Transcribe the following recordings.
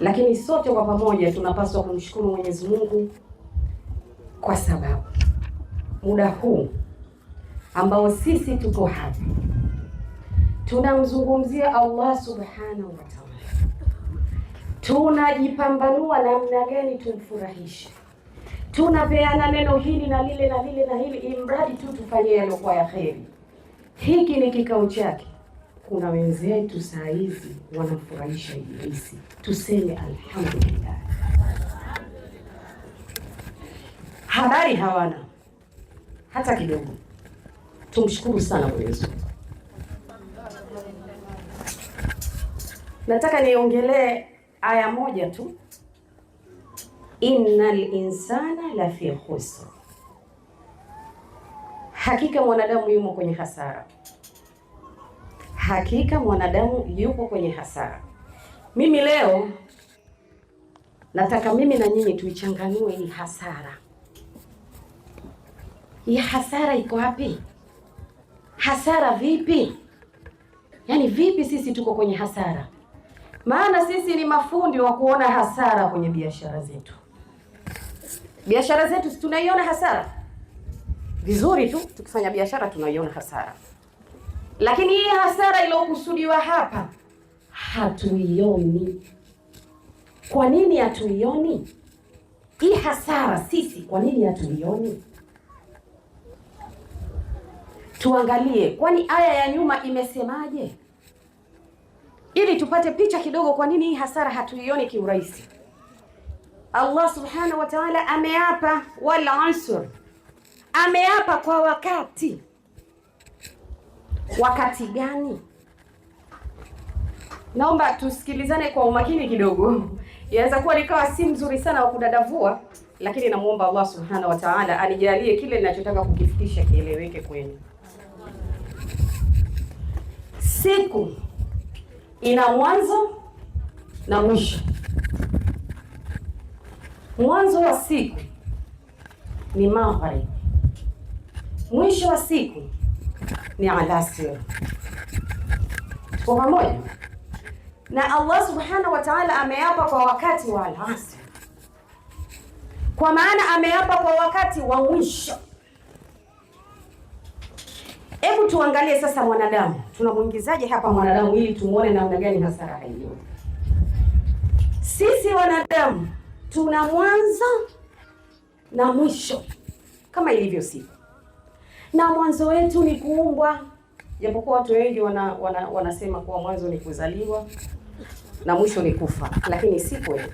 lakini sote kwa pamoja tunapaswa kumshukuru Mwenyezi Mungu kwa sababu muda huu ambao sisi tuko hapa tunamzungumzia Allah subhanahu wa ta'ala, tunajipambanua namna gani tumfurahishe, tunapeana neno hili na lile na lile na hili, imradi tu tufanye yalokuwa ya kheri. Hiki ni kikao chake kuna wenzetu saa hizi wanafurahisha Ibilisi, tuseme alhamdulillah. Habari hawana hata kidogo. Tumshukuru sana Mwenyezi Mungu. Nataka niongelee aya moja tu, innal insana la fi khusr, hakika mwanadamu yumo kwenye hasara hakika mwanadamu yupo kwenye hasara. Mimi leo nataka mimi na nyinyi tuichanganue hii hasara. Hii hasara iko wapi? Hasara vipi? Yaani vipi sisi tuko kwenye hasara? Maana sisi ni mafundi wa kuona hasara kwenye biashara zetu. Biashara zetu tunaiona hasara vizuri tu, tukifanya biashara tunaiona hasara lakini hii hasara iliyokusudiwa hapa hatuioni. Kwa nini hatuioni hii hasara sisi? Kwa nini hatuioni? Tuangalie, kwani aya ya nyuma imesemaje, ili tupate picha kidogo, kwa nini hii hasara hatuioni kiurahisi. Allah subhanahu wa ta'ala ameapa, wal asr, ameapa kwa wakati wakati gani? Naomba tusikilizane kwa umakini kidogo. Inaweza kuwa likawa si mzuri sana wa kudadavua, lakini namwomba Allah subhanahu wa ta'ala anijalie kile ninachotaka kukifikisha kieleweke kwenu. Siku ina mwanzo na mwisho. Mwanzo wa siku ni magharibi, mwisho wa siku ni ala Tuko pamoja na Allah subhanahu wa ta'ala, ameapa kwa wakati wa alasi, kwa maana ameapa kwa wakati wa mwisho. Hebu tuangalie sasa mwanadamu, tunamwingizaje hapa mwanadamu ili tumwone namna gani hasara hiyo. Sisi wanadamu tuna mwanzo na mwisho kama ilivyo siku na mwanzo wetu ni kuumbwa, japokuwa watu wengi wana, wana, wanasema kuwa mwanzo ni kuzaliwa na mwisho ni kufa, lakini si kweli,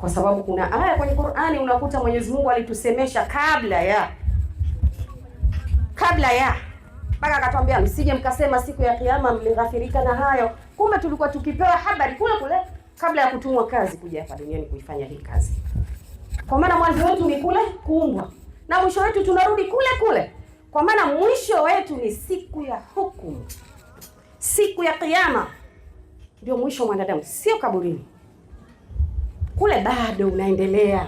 kwa sababu kuna aya kwenye Qur'ani unakuta Mwenyezi Mungu alitusemesha kabla ya kabla ya mpaka akatwambia msije mkasema siku ya kiyama mlighafirika na hayo. Kumbe tulikuwa tukipewa habari kule kule kabla ya kutumwa kazi kuja hapa duniani kuifanya hii kazi, kwa maana mwanzo wetu ni kule kuumbwa na mwisho wetu tunarudi kule kule, kwa maana mwisho wetu ni siku ya hukumu, siku ya Kiyama ndio mwisho mwanadamu, sio kaburini. Kule bado unaendelea,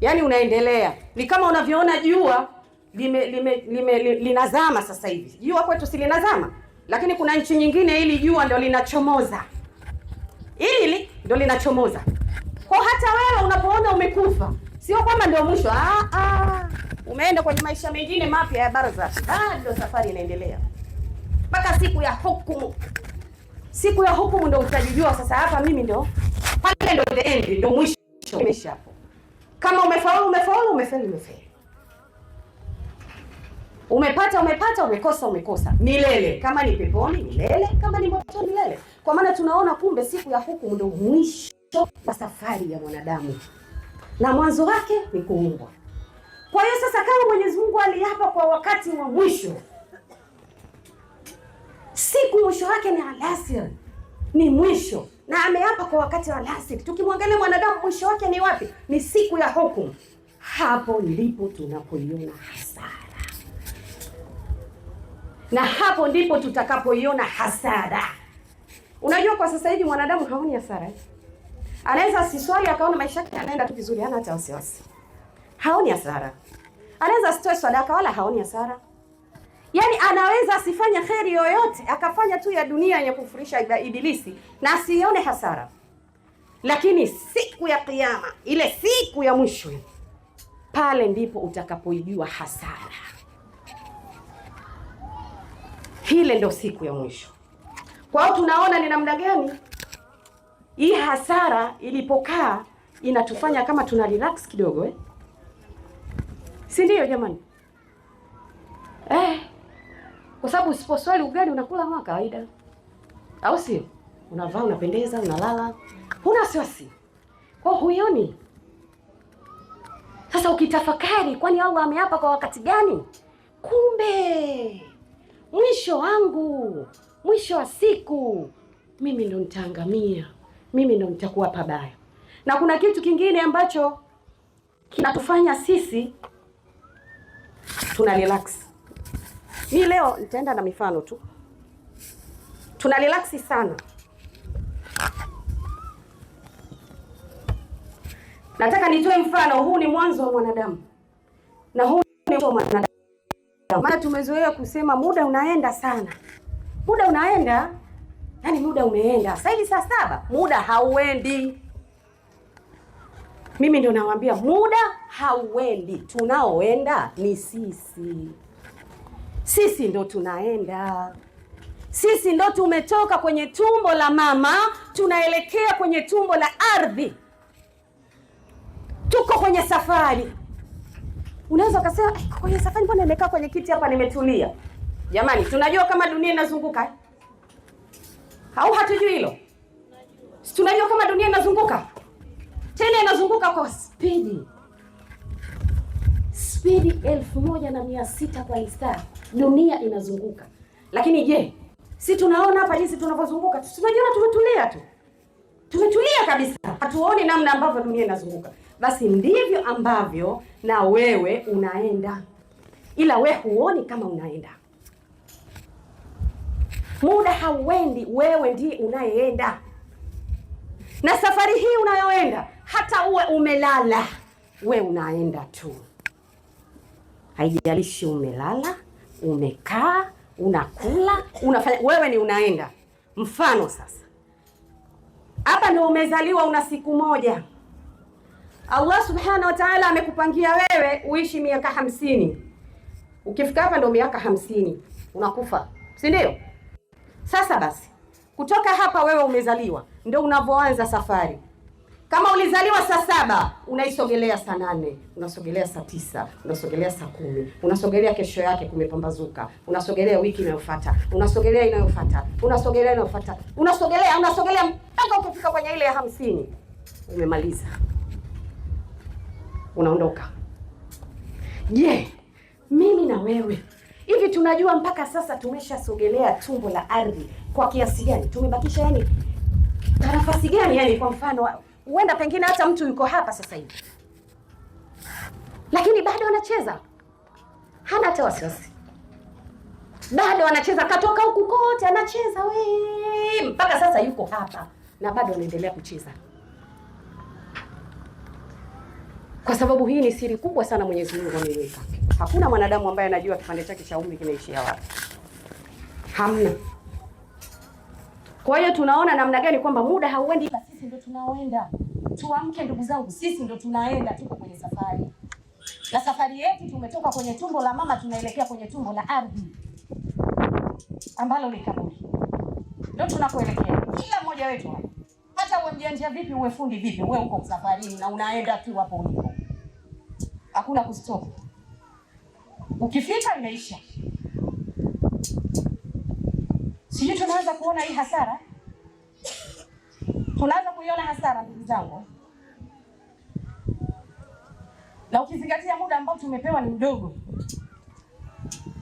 yaani unaendelea. Ni kama unavyoona jua lime, lime, lime, linazama sasa hivi. Jua kwetu si linazama, lakini kuna nchi nyingine ili jua ndio linachomoza, ili ndio linachomoza. Kwa hata wewe unapoona umekufa Sio kwamba ndio mwisho. Ah, ah. Umeenda kwenye maisha mengine mapya ya baraza, Bado safari inaendelea mpaka siku ya hukumu. Siku ya hukumu ndio utajijua sasa. Hapa mimi ndio pale, ndio the end, ndio mwisho. imesha hapo, kama umefaulu umefaulu, umefeli umefeli, umepata umepata, umekosa umekosa, milele. Kama ni peponi milele, kama ni moto milele. Kwa maana tunaona kumbe siku ya hukumu ndio mwisho wa safari ya mwanadamu na mwanzo wake ni kuumbwa. Kwa hiyo sasa, kama Mwenyezi Mungu aliapa kwa wakati wa mwisho, siku mwisho wake ni alasiri, ni mwisho, na ameapa kwa wakati wa alasiri. Tukimwangalia mwanadamu mwisho wake ni wapi? Ni siku ya hukumu. Hapo ndipo tunapoiona hasara, na hapo ndipo tutakapoiona hasara. Unajua, kwa sasa hivi mwanadamu haoni hasara Anaweza asiswali akaona maisha yake yanaenda tu vizuri, hana hata wasiwasi, haoni hasara. Anaweza asitoe sadaka wala haoni hasara. Yaani anaweza asifanye kheri yoyote, akafanya tu ya dunia yenye kufurisha Ibilisi na asione hasara, lakini siku ya Kiyama, ile siku ya mwisho, pale ndipo utakapoijua hasara. Hile ndo siku ya mwisho. Kwa hiyo tunaona ni namna gani hii hasara ilipokaa inatufanya kama tuna relax kidogo eh? Si ndio jamani eh? Kwa sababu usiposwali ugali unakula kama kawaida, au sio? Unavaa, unapendeza, unalala, huna wasiwasi, kwa huyoni. Sasa ukitafakari, kwani Allah ameapa kwa wakati gani? Kumbe mwisho wangu, mwisho wa siku mimi ndo nitaangamia mimi ndo nitakuwa pabaya. Na kuna kitu kingine ambacho kinatufanya sisi tuna relax. Mi leo nitaenda na mifano tu, tuna relax sana. Nataka nitoe mfano huu, ni mwanzo wa mwanadamu na huu ni mwanzo wa mwanadamu, maana tumezoea kusema muda unaenda sana, muda unaenda Yaani muda umeenda sasa hivi, saa saba muda hauendi. Mimi ndio nawaambia muda hauendi, tunaoenda ni sisi. Sisi ndo tunaenda, sisi ndo tumetoka kwenye tumbo la mama, tunaelekea kwenye tumbo la ardhi. Tuko kwenye safari. Unaweza ukasema kwenye safari, mbona nimekaa kwenye kiti hapa nimetulia? Jamani, tunajua kama dunia inazunguka eh? au hatujui hilo? Si tunajua kama dunia inazunguka, tena inazunguka kwa spidi spidi elfu moja na mia sita kwa listaa. Dunia inazunguka, lakini je, si tunaona hapa jinsi tunavyozunguka? Tunajiona tumetulia tu, tumetulia kabisa, hatuoni namna ambavyo dunia inazunguka. Basi ndivyo ambavyo na wewe unaenda, ila we huoni kama unaenda. Muda hauendi, wewe ndiye unayeenda. Na safari hii unayoenda, hata uwe umelala, we unaenda tu, haijalishi umelala, umekaa, unakula, unafanya, wewe ni unaenda. Mfano sasa, hapa ndio umezaliwa, una siku moja. Allah subhanahu wa ta'ala amekupangia wewe uishi miaka hamsini. Ukifika hapa ndio miaka hamsini unakufa, si ndio? Sasa basi, kutoka hapa wewe umezaliwa, ndio unavyoanza safari. Kama ulizaliwa saa saba unaisogelea saa nane unasogelea saa tisa unasogelea saa kumi unasogelea kesho yake kumepambazuka, unasogelea wiki inayofuata, unasogelea inayofuata, unasogelea inayofuata, unasogelea unasogelea mpaka ukifika kwenye ile ya hamsini umemaliza, unaondoka. Je, yeah, mimi na wewe hivi tunajua mpaka sasa tumeshasogelea tumbo la ardhi kwa kiasi gani? Tumebakisha yani nafasi gani? Yani kwa mfano, huenda pengine hata mtu yuko hapa sasa hivi, lakini bado anacheza, hana hata wasiwasi, bado anacheza. Katoka huku kote anacheza we, mpaka sasa yuko hapa na bado anaendelea kucheza. kwa sababu hii ni siri kubwa sana Mwenyezi Mungu ameiweka. Hakuna mwanadamu ambaye anajua kipande chake cha umri kinaishia wapi, hamna. Kwa hiyo tunaona namna gani kwamba muda hauendi, ila sisi ndo tunaoenda. Tuamke ndugu zangu, sisi ndo tunaenda, tuko kwenye safari, na safari yetu tumetoka kwenye tumbo la mama, tunaelekea kwenye tumbo la ardhi ambalo ni kaburi, ndo tunakoelekea kila mmoja wetu hata uwe mjanja vipi, uwe fundi vipi, uwe uko safarini na unaenda tu hapo hakuna kustop. ukifika inaisha. Sijui tunaanza kuona hii hasara, tunaanza kuiona hasara, ndugu zangu, na ukizingatia muda ambao tumepewa ni mdogo,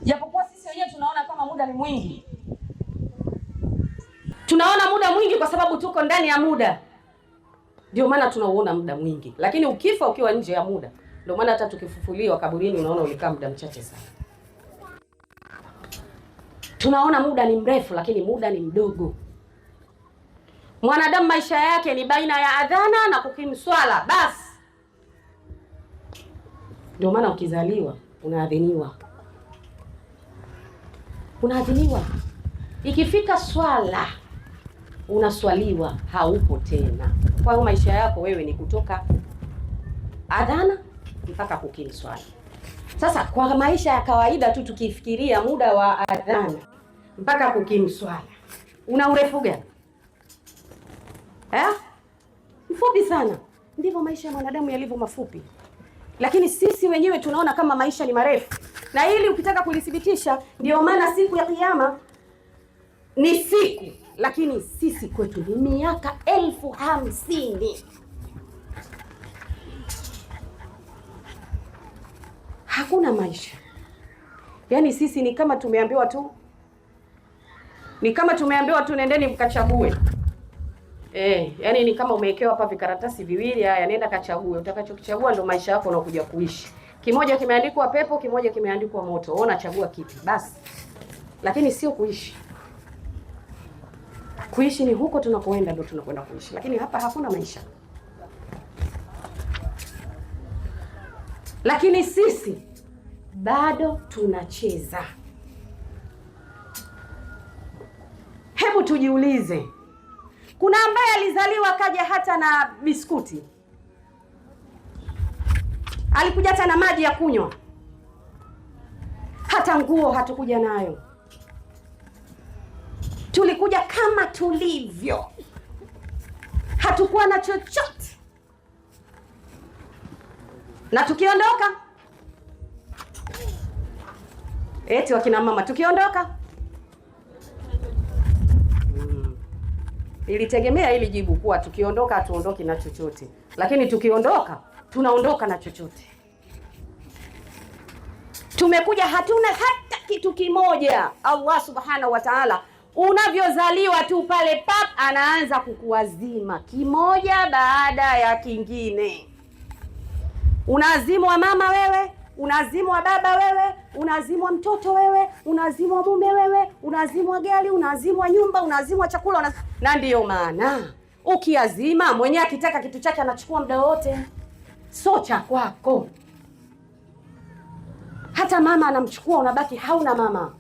japokuwa sisi wenyewe tunaona kama muda ni mwingi. Tunaona muda mwingi kwa sababu tuko ndani ya muda, ndio maana tunauona muda mwingi, lakini ukifa ukiwa nje ya muda ndio maana hata tukifufuliwa kaburini, unaona ulikaa muda mchache sana. Tunaona muda ni mrefu, lakini muda ni mdogo. Mwanadamu maisha yake ni baina ya adhana na kukimu swala basi. Ndio maana ukizaliwa unaadhiniwa, unaadhiniwa, ikifika swala unaswaliwa, haupo tena. Kwa hiyo maisha yako wewe ni kutoka adhana mpaka kukiri swala. Sasa kwa maisha ya kawaida tu tukifikiria muda wa adhana mpaka kukimu swala una urefu gani eh? Mfupi sana. Ndivyo maisha ya mwanadamu yalivyo mafupi, lakini sisi wenyewe tunaona kama maisha ni marefu, na hili ukitaka kulithibitisha, ndio maana siku ya Kiyama ni siku, lakini sisi kwetu ni miaka elfu hamsini. hakuna maisha. Yaani sisi ni kama tumeambiwa tu, ni kama tumeambiwa tu nendeni mkachague. Eh, yaani ni kama umewekewa hapa vikaratasi viwili, haya nenda kachague, utakachokichagua ndo maisha yako unakuja kuishi. Kimoja kimeandikwa pepo, kimoja kimeandikwa moto. Wewe unachagua kipi? Basi. Lakini sio kuishi. Kuishi ni huko tunakoenda ndo tunakwenda kuishi, lakini hapa hakuna maisha. Lakini sisi bado tunacheza. Hebu tujiulize, kuna ambaye alizaliwa kaja hata na biskuti, alikuja hata na maji ya kunywa, hata nguo hatukuja nayo, tulikuja kama tulivyo, hatukuwa na chochote, na tukiondoka Eti wakina mama tukiondoka. Hmm. Ilitegemea ili jibu kuwa tukiondoka hatuondoki na chochote, lakini tukiondoka tunaondoka na chochote. Tumekuja hatuna hata kitu kimoja. Allah subhanahu wa taala, unavyozaliwa tu pale pap, anaanza kukuazima kimoja baada ya kingine. Unaazimwa mama wewe unazimwa baba wewe, unazimwa mtoto wewe, unazimwa mume wewe, unazimwa gari, unazimwa nyumba, unazimwa chakula unaz... na ndiyo maana ukiazima mwenyewe akitaka kitu chake anachukua muda wote, so cha kwako. Hata mama anamchukua, unabaki hauna mama.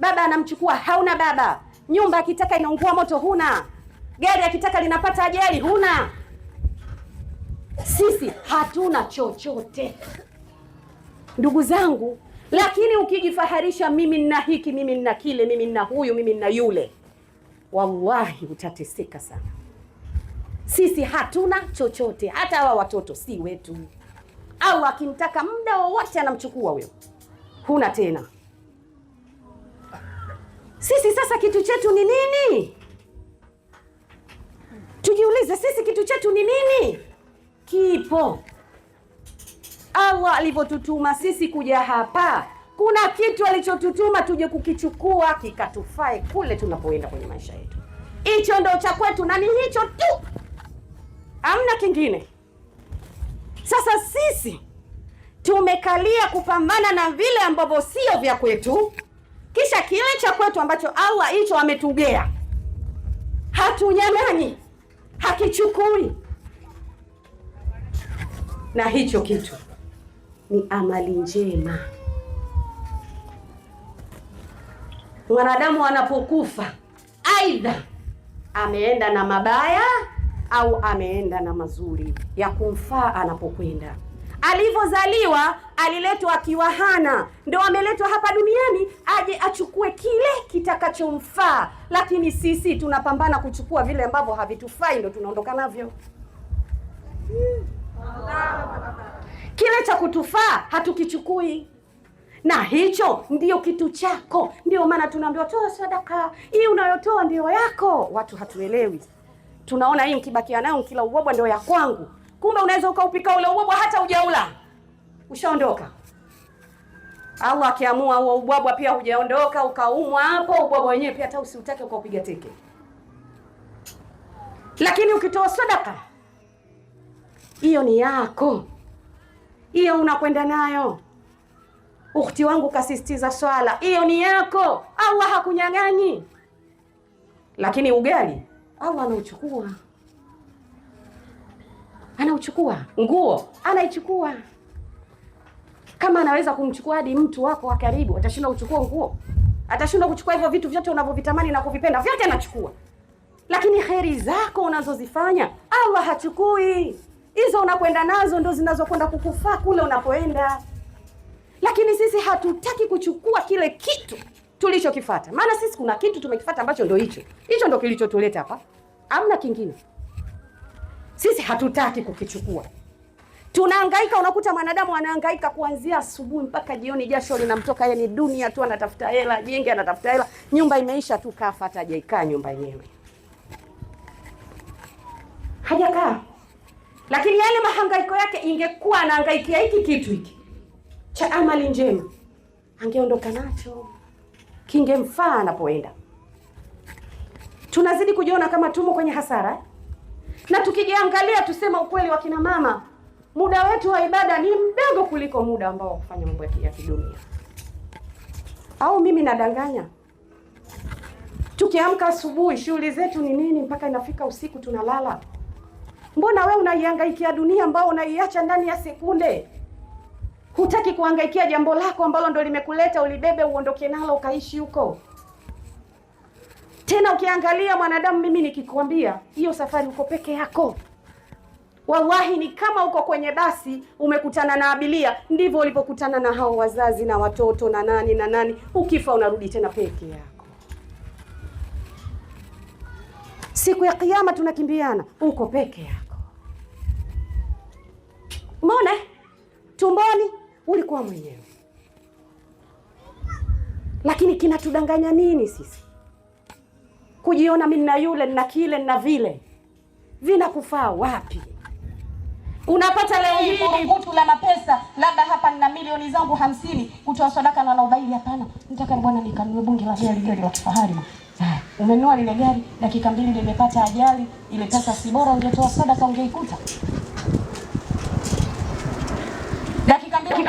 Baba anamchukua, hauna baba. Nyumba akitaka inaungua moto, huna. Gari akitaka linapata ajali, huna. Sisi hatuna chochote ndugu zangu. Lakini ukijifaharisha, mimi nina hiki, mimi nina kile, mimi nina huyu, mimi nina yule, wallahi utateseka sana. Sisi hatuna chochote, hata hawa watoto si wetu. Au akimtaka muda wowote anamchukua huyo, huna tena. Sisi sasa kitu chetu ni nini? Tujiulize, sisi kitu chetu ni nini? Kipo Allah alivyotutuma sisi kuja hapa, kuna kitu alichotutuma tuje kukichukua kikatufae kule tunapoenda kwenye maisha yetu. Hicho ndo cha kwetu na ni hicho tu, hamna kingine. Sasa sisi tumekalia kupambana na vile ambavyo sio vya kwetu, kisha kile cha kwetu ambacho Allah hicho ametugea hatunyang'anyi, hakichukui na hicho kitu ni amali njema. Mwanadamu anapokufa aidha ameenda na mabaya au ameenda na mazuri ya kumfaa anapokwenda. Alivyozaliwa aliletwa akiwa hana, ndo ameletwa hapa duniani aje achukue kile kitakachomfaa, lakini sisi tunapambana kuchukua vile ambavyo havitufai, ndo tunaondoka navyo hmm. Kile cha kutufaa hatukichukui, na hicho ndio kitu chako. Ndio maana tunaambiwa toa sadaka, hii unayotoa ndio yako. Watu hatuelewi, tunaona hii mkibakia nayo kila ubwabwa ndio ya kwangu, kumbe unaweza ukaupika ule ubwabwa hata hujaula ushaondoka. Au akiamua huo ubwabwa pia hujaondoka, ukaumwa hapo, ubwabwa wenyewe pia hata usiutake ukaupiga teke. Lakini ukitoa sadaka, hiyo ni yako hiyo unakwenda nayo. Ukhti wangu kasisitiza swala, hiyo ni yako, Allah hakunyang'anyi. Lakini ugali Allah anauchukua, anauchukua. Nguo anaichukua. Kama anaweza kumchukua hadi mtu wako wa karibu, atashindwa kuchukua nguo? Atashindwa kuchukua hivyo vitu vyote unavyovitamani na kuvipenda vyote, anachukua. Lakini kheri zako unazozifanya Allah hachukui hizo unakwenda nazo ndo zinazokwenda kukufaa kule unapoenda, lakini sisi hatutaki kuchukua kile kitu tulichokifata, maana sisi kuna kitu tumekifata ambacho ndo hicho hicho ndo kilichotuleta hapa, amna kingine. Sisi hatutaki kukichukua, tunahangaika. Unakuta mwanadamu anahangaika kuanzia asubuhi mpaka jioni, jasho linamtoka yeye, ni dunia tu, anatafuta hela, jenge anatafuta hela, nyumba imeisha tu, kafa hata hajaikaa nyumba yenyewe hajakaa lakini yale mahangaiko yake, ingekuwa anahangaikia hiki kitu hiki cha amali njema, angeondoka nacho, kingemfaa anapoenda. Tunazidi kujiona kama tumo kwenye hasara, na tukijiangalia, tusema ukweli, wa kina mama, muda wetu wa ibada ni mdogo kuliko muda ambao wa kufanya mambo ya kidunia. Au mimi nadanganya? Tukiamka asubuhi, shughuli zetu ni nini mpaka inafika usiku tunalala? Mbona we unaihangaikia dunia ambayo unaiacha ndani ya sekunde? Hutaki kuhangaikia jambo lako ambalo ndo limekuleta ulibebe, uondoke nalo, ukaishi huko tena. Ukiangalia mwanadamu, mimi nikikwambia hiyo safari uko peke yako, wallahi ni kama uko kwenye basi umekutana na abilia. Ndivyo ulivyokutana na hao wazazi na watoto na nani na nani, ukifa unarudi tena peke yako. Siku ya Kiyama tunakimbiana, uko peke yako. Mbona tumboni ulikuwa mwenyewe, lakini kinatudanganya nini sisi? Kujiona mimi na yule na kile na vile vinakufaa wapi? Unapata leo hii burugutu la mapesa, labda hapa nina milioni zangu hamsini kutoa sadaka na naubaili. Hapana, nitaka bwana nikanunue bunge la gari, gari la kifahari. Umenunua lile gari, dakika mbili limepata ajali, ile pesa si bora ungetoa sadaka ungeikuta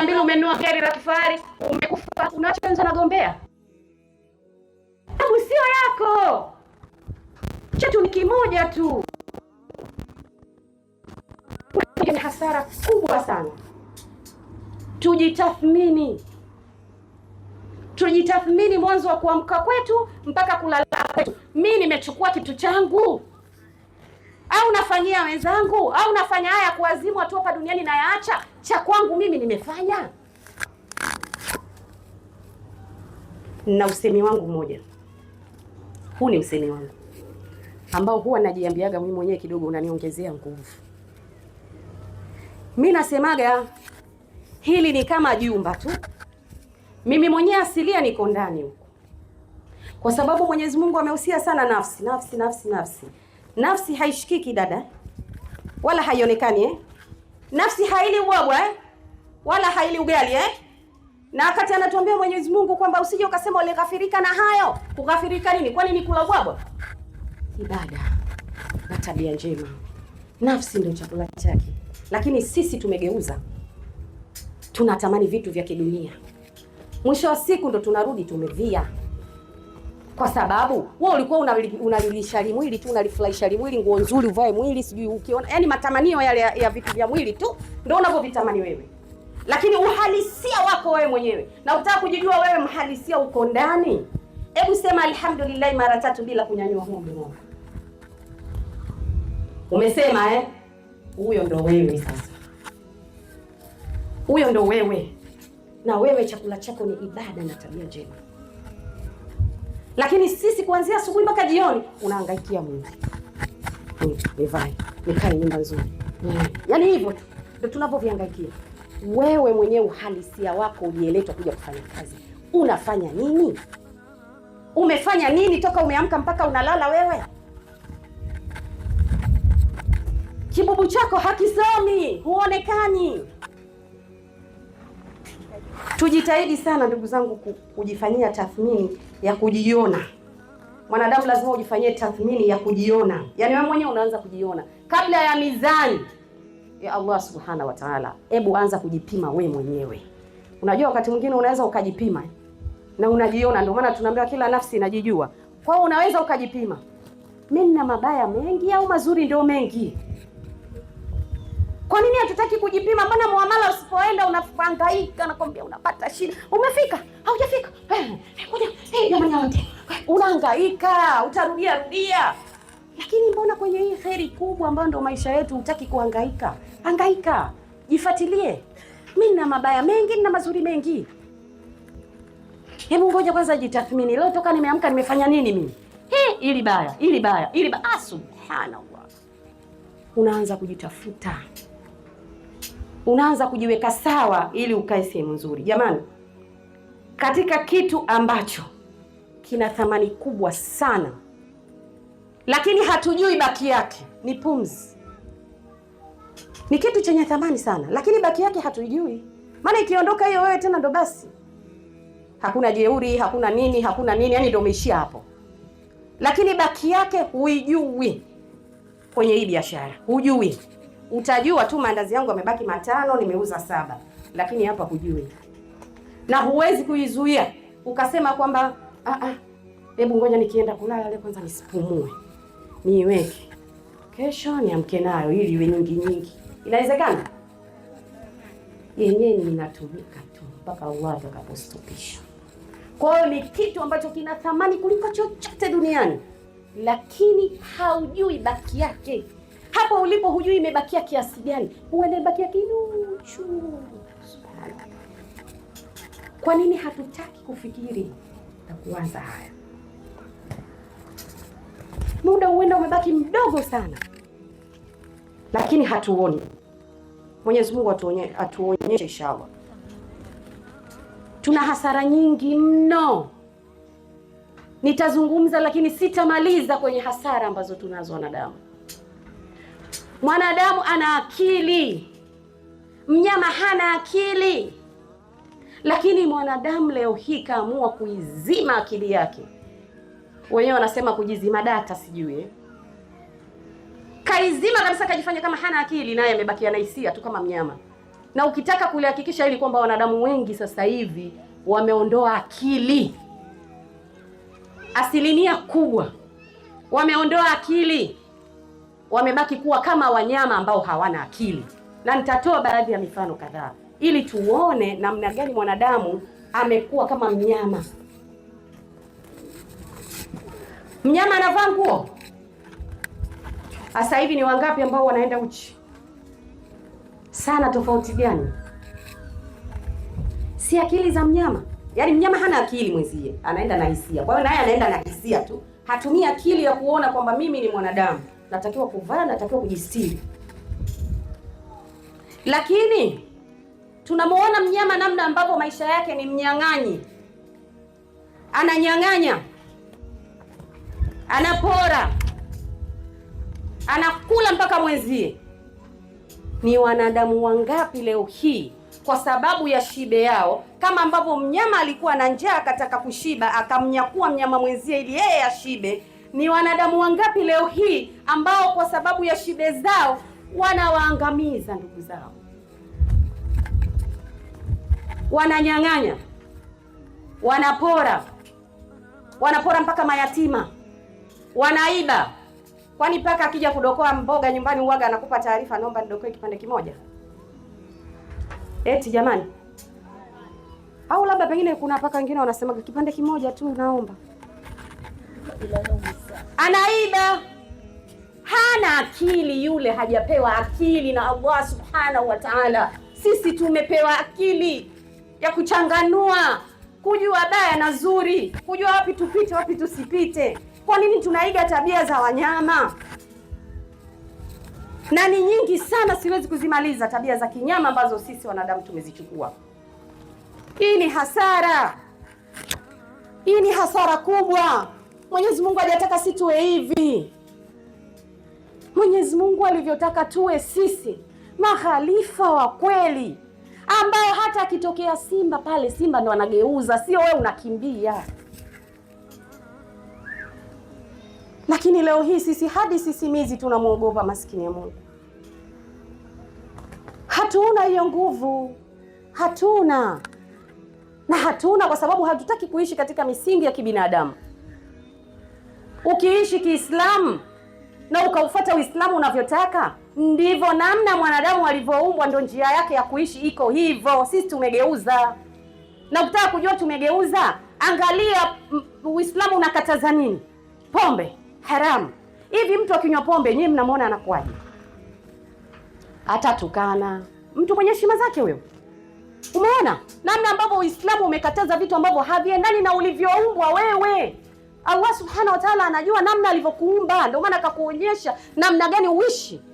miaka mbili umenunua gari la kifahari, umekufa, unaacha wenza nagombea. Sababu sio yako, chetu ni kimoja tu. Ni hasara kubwa sana. Tujitathmini, tujitathmini mwanzo wa kuamka kwetu mpaka kulala kwetu. Mi nimechukua kitu changu au nafanyia wenzangu au nafanya haya kuwazimu watu hapa duniani nayaacha? cha kwangu mimi nimefanya na usemi wangu mmoja huu ni usemi wangu ambao huwa najiambiaga mimi mwenyewe, kidogo unaniongezea nguvu. Mi nasemaga hili ni kama jumba tu, mimi mwenyewe asilia niko ndani huko, kwa sababu Mwenyezi Mungu amehusia sana nafsi, nafsi, nafsi, nafsi. Nafsi haishikiki dada, wala haionekani eh? Nafsi haili ubwabwa eh? wala haili ugali eh? na wakati anatuambia Mwenyezi Mungu kwamba usije ukasema ulighafirika na hayo. Kughafirika nini? Kwani ni kula ubwabwa? Ibada na tabia njema, nafsi ndio chakula chake, lakini sisi tumegeuza, tunatamani vitu vya kidunia, mwisho wa siku ndo tunarudi tumevia kwa sababu wewe ulikuwa unalilisha mwili tu, unalifurahisha mwili, nguo nzuri uvae mwili, sijui ukiona, yaani matamanio yale ya, ya vitu vya mwili tu ndio unavyovitamani wewe, lakini uhalisia wako wewe mwenyewe na utaka kujijua wewe mhalisia uko ndani. Hebu sema alhamdulillah mara tatu bila kunyanyua huo mdomo. Umesema eh? Huyo ndo wewe sasa, huyo ndo wewe. Na wewe chakula chako ni ibada na tabia njema lakini sisi kuanzia asubuhi mpaka jioni unahangaikia Mungu. Nivae nikae nyumba nzuri, yaani hivyo tu ndo tunavyovihangaikia. Wewe mwenyewe uhalisia wako ulieletwa kuja kufanya kazi, unafanya nini? Umefanya nini toka umeamka mpaka unalala? Wewe kibubu chako hakisomi, huonekani. Tujitahidi sana ndugu zangu kujifanyia tathmini ya kujiona. Mwanadamu lazima ujifanyie tathmini ya kujiona, yaani wewe mwenyewe unaanza kujiona kabla ya mizani ya Allah subhana wa taala. Hebu anza kujipima we mwenyewe. Unajua wakati mwingine unaweza ukajipima na unajiona, ndio maana tunaambiwa kila nafsi inajijua. Kwa hiyo unaweza ukajipima, mimi nina mabaya mengi au mazuri ndio mengi? Kwa nini hatutaki kujipima? Mbona muamala usipoenda unahangaika, nakwambia unapata shida. Umefika haujafika, Eh, eh ngoja jamani, unahangaika utarudia rudia, lakini mbona kwenye hii kheri kubwa ambayo ndo maisha yetu hutaki kuhangaika? Hangaika, jifatilie. Mi nina mabaya mengi, nina mazuri mengi. Hebu ngoja kwanza jitathmini, leo toka nimeamka nimefanya nini mimi? ili baya ili baya ili baya, ah, subhanallah. Unaanza kujitafuta, unaanza kujiweka sawa ili ukae sehemu nzuri. Jamani, katika kitu ambacho kina thamani kubwa sana, lakini hatujui baki yake ni pumzi. Ni kitu chenye thamani sana, lakini baki yake hatujui, maana ikiondoka hiyo wewe tena ndo basi, hakuna jeuri, hakuna nini, hakuna nini, yani ndo umeishia hapo, lakini baki yake huijui. Kwenye hii biashara hujui, utajua tu maandazi yangu yamebaki matano, nimeuza saba, lakini hapa hujui na huwezi kuizuia ukasema kwamba Ah, ah. Hebu ngoja nikienda kulala leo kwanza nisipumue, niiweke kesho niamke nayo ili iwe nyingi nyingi. Inawezekana yenyewe ninatumika tu mpaka Allah atakapostopisha. Kwa hiyo ni kitu ambacho kina thamani kuliko chochote duniani, lakini haujui baki yake. Hapo ulipo hujui imebakia kiasi gani, huenda imebakia kinuchu. Kwa nini hatutaki kufikiri na haya. Muda huenda umebaki mdogo sana, lakini hatuoni. Mwenyezi Mungu atuonyeshe inshallah. Tuna hasara nyingi mno. Nitazungumza lakini sitamaliza kwenye hasara ambazo tunazo wanadamu. Mwanadamu ana akili, mnyama hana akili. Lakini mwanadamu leo hii kaamua kuizima akili yake, wenyewe wanasema kujizima data, sijui eh. kaizima kabisa, kajifanya kama hana akili, naye amebakia na hisia tu kama mnyama. Na ukitaka kulihakikisha hili kwamba wanadamu wengi sasa hivi wameondoa akili, asilimia kubwa wameondoa akili, wamebaki kuwa kama wanyama ambao hawana akili, na nitatoa baadhi ya mifano kadhaa ili tuone namna gani mwanadamu amekuwa kama mnyama. Mnyama anavaa nguo. Sasa hivi ni wangapi ambao wanaenda uchi sana? Tofauti gani? Si akili za mnyama, yaani mnyama hana akili mwenzie, anaenda na hisia. Kwa hiyo naye anaenda na hisia tu, hatumii akili ya kuona kwamba mimi ni mwanadamu, natakiwa kuvaa, natakiwa kujistiri, lakini Tunamuona mnyama namna ambavyo maisha yake ni mnyang'anyi, ananyang'anya, anapora, anakula mpaka mwenzie. Ni wanadamu wangapi leo hii kwa sababu ya shibe yao, kama ambavyo mnyama alikuwa na njaa akataka kushiba akamnyakua mnyama mwenzie ili yeye ashibe. Ni wanadamu wangapi leo hii ambao kwa sababu ya shibe zao wanawaangamiza ndugu zao? wananyang'anya, wanapora, wanapora mpaka mayatima, wanaiba. Kwani paka akija kudokoa mboga nyumbani uwaga anakupa taarifa, naomba nidokoe kipande kimoja? Eti jamani! Au labda pengine kuna paka wengine wanasemaga kipande kimoja tu naomba. Anaiba, hana akili yule, hajapewa akili na Allah subhanahu wa ta'ala. Sisi tumepewa akili ya kuchanganua, kujua baya na zuri, kujua wapi tupite, wapi tusipite. Kwa nini tunaiga tabia za wanyama? Na ni nyingi sana, siwezi kuzimaliza tabia za kinyama ambazo sisi wanadamu tumezichukua. Hii ni hasara, hii ni hasara kubwa. Mwenyezi Mungu hajataka si tuwe hivi. Mwenyezi Mungu alivyotaka tuwe sisi mahalifa wa kweli ambayo hata akitokea simba pale, simba ndo anageuza, sio wewe unakimbia. Lakini leo hii sisi hadi sisimizi tunamwogopa maskini ya Mungu, hatuna hiyo nguvu, hatuna na hatuna, kwa sababu hatutaki kuishi katika misingi ya kibinadamu. Ukiishi Kiislamu na ukaufuata Uislamu unavyotaka ndivyo namna mwanadamu alivyoumbwa, ndo njia yake ya kuishi iko hivyo. Sisi tumegeuza, na ukitaka kujua tumegeuza, angalia mm, Uislamu unakataza nini? Pombe haramu. Hivi mtu akinywa pombe, nyinyi mnamwona anakuwaje? Atatukana mtu mwenye heshima zake huyo. Umeona namna ambavyo Uislamu umekataza vitu ambavyo haviendani na ulivyoumbwa wewe. Allah subhanahu wa taala anajua namna alivyokuumba, ndio maana akakuonyesha namna gani uishi.